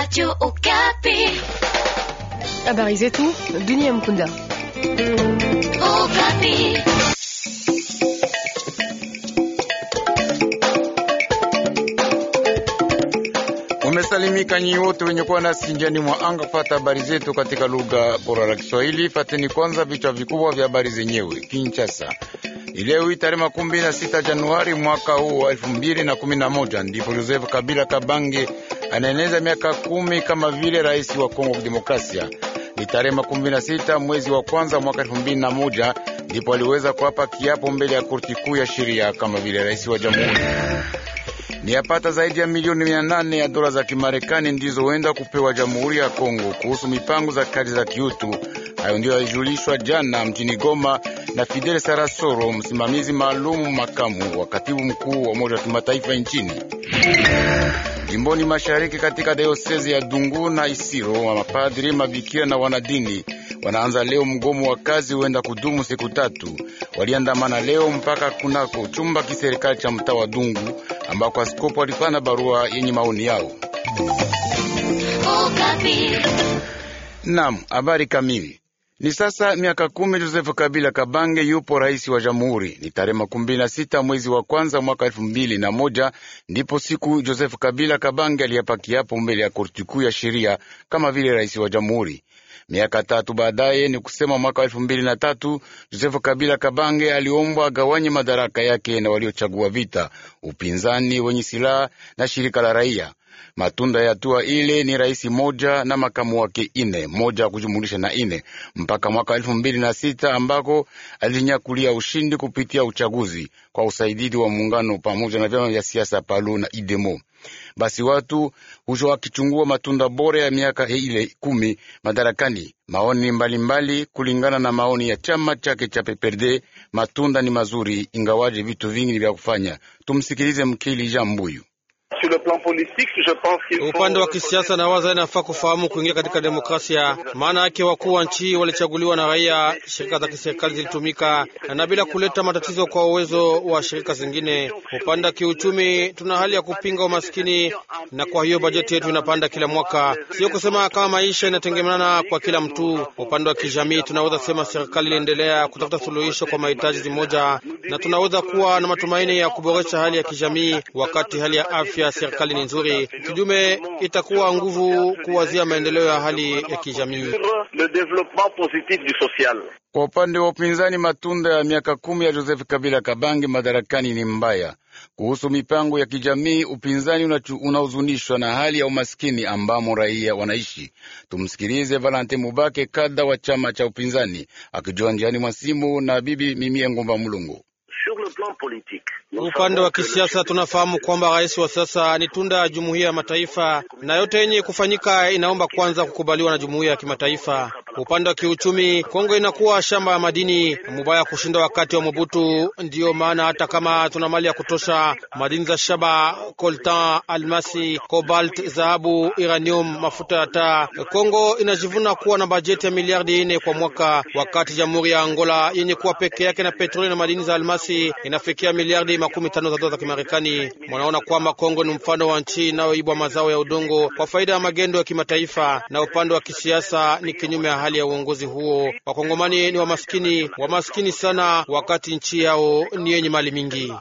Radio Okapi. Habari zetu dunia mkunda. Okapi. Umesalimika nyinyi wote wenye kuwa nasi njiani mwa anga, fata habari zetu katika lugha bora la Kiswahili. Fateni kwanza vichwa vikubwa vya habari zenyewe. Kinshasa Leo hii tarehe makumi na sita Januari mwaka huu wa elfu mbili na kumi na moja ndipo Joseph Kabila Kabange anaeneza miaka kumi kama vile rais wa Kongo Demokrasia. Ni tarehe makumi na sita mwezi wa kwanza mwaka elfu mbili na moja ndipo aliweza kuapa kiapo mbele ya korti kuu ya sheria kama vile rais wa jamhuri. Ni yapata zaidi ya milioni mia nane ya dola za Kimarekani ndizo huenda kupewa jamhuri ya Kongo kuhusu mipango za kati za kiutu. Hayo ndiyo yalijulishwa jana mjini Goma na Fidel Sarasoro, msimamizi maalumu makamu wa katibu mkuu wa Umoja wa Kimataifa nchini jimboni mashariki katika dayosezi ya Dungu na Isiro, wa mapadri, mabikia na wanadini wanaanza leo mgomo wa kazi, huenda kudumu siku tatu. Waliandamana leo mpaka kunako chumba kiserikali cha mtaa wa Dungu ambako askofu alifana barua yenye maoni yao. Oh, Naam, habari kamili ni sasa miaka kumi Joseph Kabila Kabange yupo rais wa jamhuri. Ni tarehe makumi mbili na sita mwezi wa kwanza mwaka elfu mbili na moja ndipo siku Joseph Kabila Kabange aliapa kiapo mbele ya korti kuu ya sheria kama vile rais wa jamhuri. Miaka tatu baadaye, ni kusema mwaka elfu mbili na tatu Josefu Kabila Kabange aliombwa agawanye madaraka yake na waliochagua vita, upinzani wenye silaha na shirika la raia. Matunda ya hatua ile ni rais moja na makamu wake ine moja kujumulisha na ine mpaka mwaka elfu mbili na sita ambako alinyakulia ushindi kupitia uchaguzi kwa usaidizi wa muungano pamoja na vyama vya siasa PALU na IDEMO. Basi watu huja wakichungua matunda bora ya miaka ile kumi madarakani, maoni mbalimbali mbali. Kulingana na maoni ya chama chake cha PPRD, matunda ni mazuri, ingawaje vitu vingi ni vya kufanya. Tumsikilize Mkili Jambuyu. Upande wa kisiasa na waza inafaa kufahamu kuingia katika demokrasia, maana yake wakuu wa nchi walichaguliwa na raia, shirika za kiserikali zilitumika na bila kuleta matatizo kwa uwezo wa shirika zingine. Upande wa kiuchumi, tuna hali ya kupinga umaskini, na kwa hiyo bajeti yetu inapanda kila mwaka, sio kusema kama maisha inatengemana kwa kila mtu. Upande wa kijamii, tunaweza sema serikali iliendelea kutafuta suluhisho kwa mahitaji zimoja, na tunaweza kuwa na matumaini ya kuboresha hali ya kijamii, wakati hali ya afya ya serikali ni nzuri, kijume itakuwa nguvu kuwazia maendeleo ya hali ya kijamii. Kwa upande wa upinzani, matunda ya miaka kumi ya Joseph Kabila Kabange madarakani ni mbaya. Kuhusu mipango ya kijamii, upinzani unahuzunishwa na hali ya umaskini ambamo raia wanaishi. Tumsikilize Valante Mubake, kada wa chama cha upinzani, akijua mwa simu na bibi Mimie ngumba Mulungu. Upande wa kisiasa tunafahamu kwamba rais wa sasa ni tunda ya jumuiya ya mataifa, na yote yenye kufanyika inaomba kwanza kukubaliwa na jumuiya ya kimataifa. Upande wa kiuchumi, Kongo inakuwa shamba ya madini, mubaya kushinda wakati wa Mobutu. Ndiyo maana hata kama tuna mali ya kutosha, madini za shaba, coltan, almasi, cobalt, dhahabu, iranium mafuta ya taa, Kongo inajivuna kuwa na bajeti ya miliardi ine kwa mwaka, wakati jamhuri ya Angola yenye kuwa peke yake na petroli na madini za almasi inafikia miliardi makumi tano za dola za Kimarekani. Mwanaona kwamba Kongo ni mfano wa nchi inayoibwa mazao ya udongo kwa faida ya magendo ya kimataifa, na upande wa kisiasa ni kinyume ya hali ya uongozi huo. Wakongomani ni wa maskini sana, wakati nchi yao ni yenye mali mingi.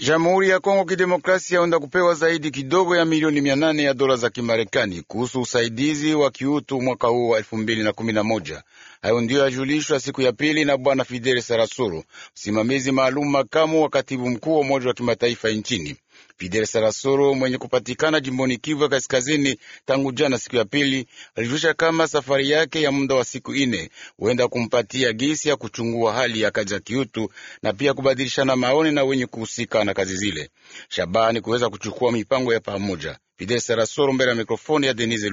Jamhuri ya Kongo Kidemokrasia yaenda kupewa zaidi kidogo ya milioni mia nane ya dola za Kimarekani kuhusu usaidizi wa kiutu mwaka huu wa elfu mbili na kumi na moja. Hayo ndiyo yajulishwa siku ya pili na Bwana Fidel Sarasuru, msimamizi maalum makamu wa katibu mkuu wa Umoja wa Kimataifa nchini. Fidel Sarasoro mwenye kupatikana jimboni Kivu ya Kaskazini tangu jana siku ya pili, alijulisha kama safari yake ya muda wa siku ine huenda kumpatia gisi ya kuchungua hali ya kazi ya kiutu na pia kubadilishana maoni na wenye kuhusika na kazi zile, shabani kuweza kuchukua mipango ya pamoja. Fidel Sarasoro mbele ya mikrofoni ya Denise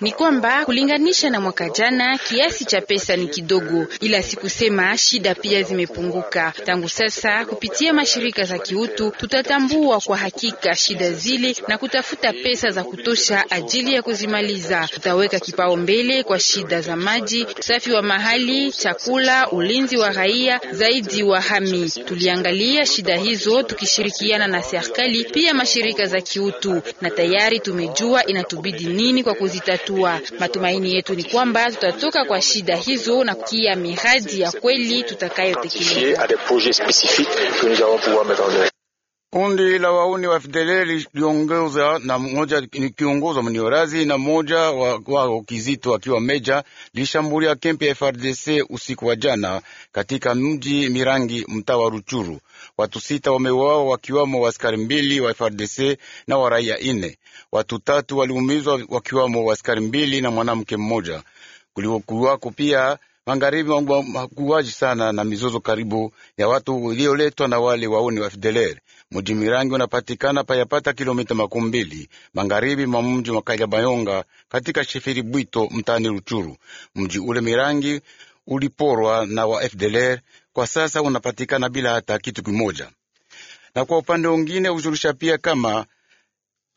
Ni kwamba kulinganisha na mwaka jana kiasi cha pesa ni kidogo, ila sikusema shida pia zimepunguka. Tangu sasa kupitia mashirika za kiutu tutatambua kwa hakika shida zile na kutafuta pesa za kutosha ajili ya kuzimaliza. Tutaweka kipao mbele kwa shida za maji, usafi wa mahali, chakula, ulinzi wa raia, zaidi wa hami. Tuliangalia shida hizo tukishirikiana na serikali pia mashirika shirika za kiutu, na tayari tumejua inatubidi nini kwa kuzitatua. Matumaini yetu ni kwamba tutatoka kwa shida hizo na kia miradi ya kweli tutakayotekeleza. Kundi la wauni wa FDL liliongoza na mmoja kiongozwa mniorazi na mmoja wa, wa kizito akiwa meja lishambulia kempi ya FRDC usiku wa jana katika mji Mirangi, mtaa wa Ruchuru. Watu sita wameuawa wakiwamo waskari mbili wa FRDC na waraia ine. Watu tatu waliumizwa wakiwamo waskari mbili na mwanamke mmoja. Kulikuwako pia magharibi mwa makuaji sana na mizozo karibu ya watu iliyoletwa na wale wauni wa FDLR. Mji Mirangi unapatikana payapata kilomita makumi mbili magharibi mwa mji wa Kanyabayonga katika shefiri Bwito mtaani Ruchuru. Mji ule Mirangi uliporwa na wa FDLR, kwa sasa unapatikana bila hata kitu kimoja. Na kwa upande wengine hujulisha pia kama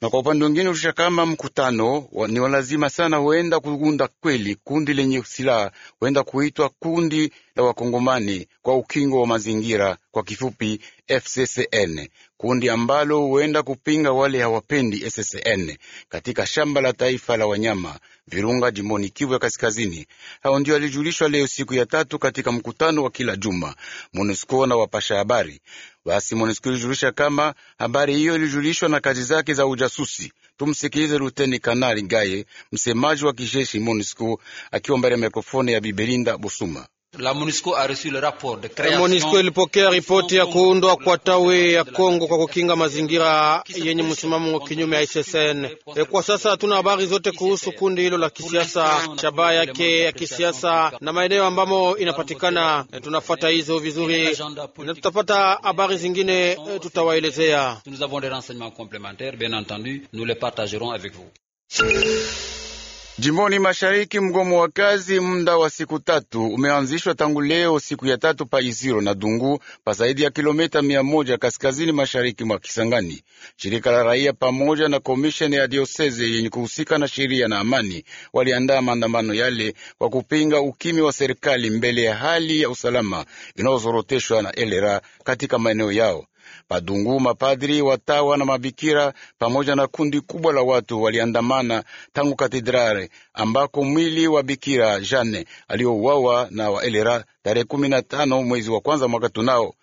na kwa upande wengine usha kama mkutano wa, ni walazima sana huenda kuunda kweli kundi lenye silaha huenda kuitwa kundi la wakongomani kwa ukingo wa mazingira, kwa kifupi FCCN, kundi ambalo huenda kupinga wale hawapendi SCN katika shamba la taifa la wanyama Virunga, jimboni Kivu ya Kaskazini. Hao ndio alijulishwa leo siku ya tatu katika mkutano wa kila juma MONUSCO na wapasha habari basi MONUSCO ilijulisha kama habari hiyo ilijulishwa na kazi zake za ujasusi. Tumsikilize Luteni Kanali Ngaye, msemaji wa kijeshi MONUSCO akiwa mbele ya mikrofoni ya Bibelinda Busuma. La Monisco a reçu le rapport de creation. Monisco ilipokea ripoti ya kuundwa kwa tawi ya Kongo kwa kukinga mazingira yenye msimamo wa kinyume ya ICCN. E, kwa sasa hatuna habari zote kuhusu kundi hilo la kisiasa, shabaha yake ya kisiasa na maeneo ambamo inapatikana. E, tunafuata hizo vizuri na tutapata habari zingine, eh, tutawaelezea. Nous avons des renseignements complémentaires bien entendu, nous les partagerons avec vous. Jimboni mashariki mgomo wa kazi muda wa siku tatu umeanzishwa tangu leo siku ya tatu pa Iziro na Dungu pa zaidi ya kilomita mia moja kaskazini mashariki mwa Kisangani. Shirika la raia pamoja na komisheni ya dioseze yenye kuhusika na sheria na amani waliandaa maandamano yale kwa kupinga ukimi wa serikali mbele ya hali ya usalama inayozoroteshwa na elera katika maeneo yao. Padungu, mapadri, watawa na mabikira pamoja na kundi kubwa la watu waliandamana tangu katedrale ambako mwili wa bikira Jane aliyouawa na waelera tarehe kumi na tano mwezi wa kwanza mwaka tunao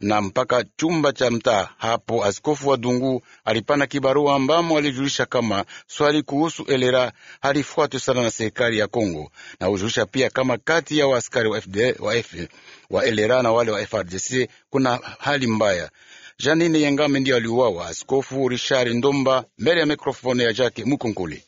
na mpaka chumba cha mtaa hapo. Askofu wa Dungu alipana kibarua ambamo alijulisha kama swali kuhusu elera halifuatwe sana na serikali ya Kongo, na hujulisha pia kama kati ya waaskari wa, FD, wa, F, wa elera na wale wa FRDC kuna hali mbaya. Janine Yengame ndiye aliuawa. Askofu Richard Ndomba mbele ya mikrofoni ya Jacques Mukunguli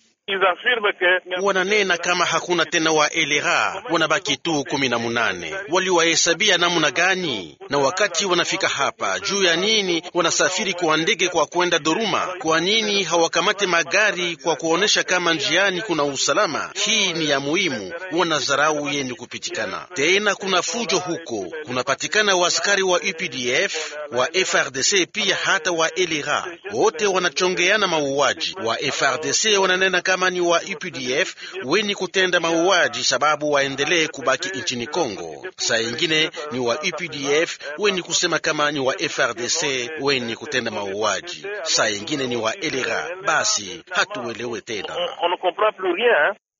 wananena kama hakuna tena wa elera, wanabaki tu kumi na munane. Waliwahesabia namna gani? Na wakati wanafika hapa, juu ya nini wanasafiri kwa ndege kwa kwenda Doruma? Kwa nini hawakamate magari kwa kuonesha kama njiani kuna usalama? Hii ni ya muhimu, wanadharau yenye kupitikana. Tena kuna fujo huko, kunapatikana waskari wa UPDF wa FRDC pia hata wa ELRA wote wanachongeana mauaji. Wa FRDC wananena kama ni wa UPDF weni kutenda mauaji, sababu waendelee kubaki nchini Kongo. Saa ingine ni wa UPDF weni kusema kama ni wa FRDC weni kutenda mauaji, saa ingine ni wa ELRA. Basi hatuelewe tena.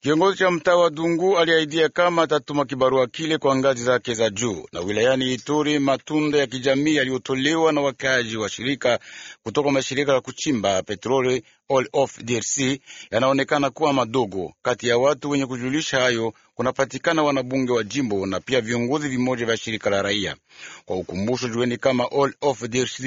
Kiongozi cha mtaa wa Dungu aliahidia kama atatuma kibarua kile kwa ngazi zake za juu. Na wilayani Ituri, matunda ya kijamii yaliyotolewa na wakaaji wa shirika kutoka mashirika ya kuchimba petroli All of DRC yanaonekana kuwa madogo. Kati ya watu wenye kujulisha hayo kunapatikana wanabunge wa jimbo na pia viongozi vimoja vya shirika la raia. Kwa ukumbusho, jueni kama All of DRC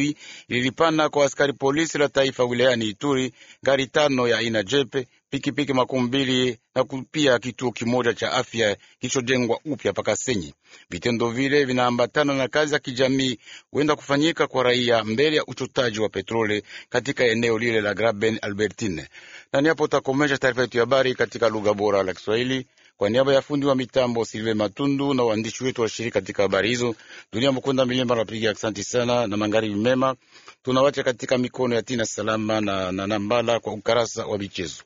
ililipana kwa askari polisi la taifa wilayani Ituri gari tano ya aina jepe pikipiki makumi mbili na pia kituo kimoja cha afya kilichojengwa upya Pakasenyi. Vitendo vile vinaambatana na kazi za kijamii huenda kufanyika kwa raia mbele ya uchotaji wa petroli katika eneo lile la Graben Albertine. Na niapo utakomesha taarifa yetu ya habari katika lugha bora la Kiswahili kwa niaba ya fundi wa mitambo Silve Matundu na waandishi wetu washiriki katika habari hizo, dunia Mukunda Milemba anapiga asanti sana na magharibi mema. Tunawacha katika mikono ya Tina Salama na Nanambala kwa ukarasa wa michezo.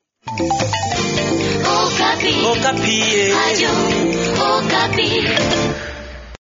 Okapi. Oh, Okapi. Oh,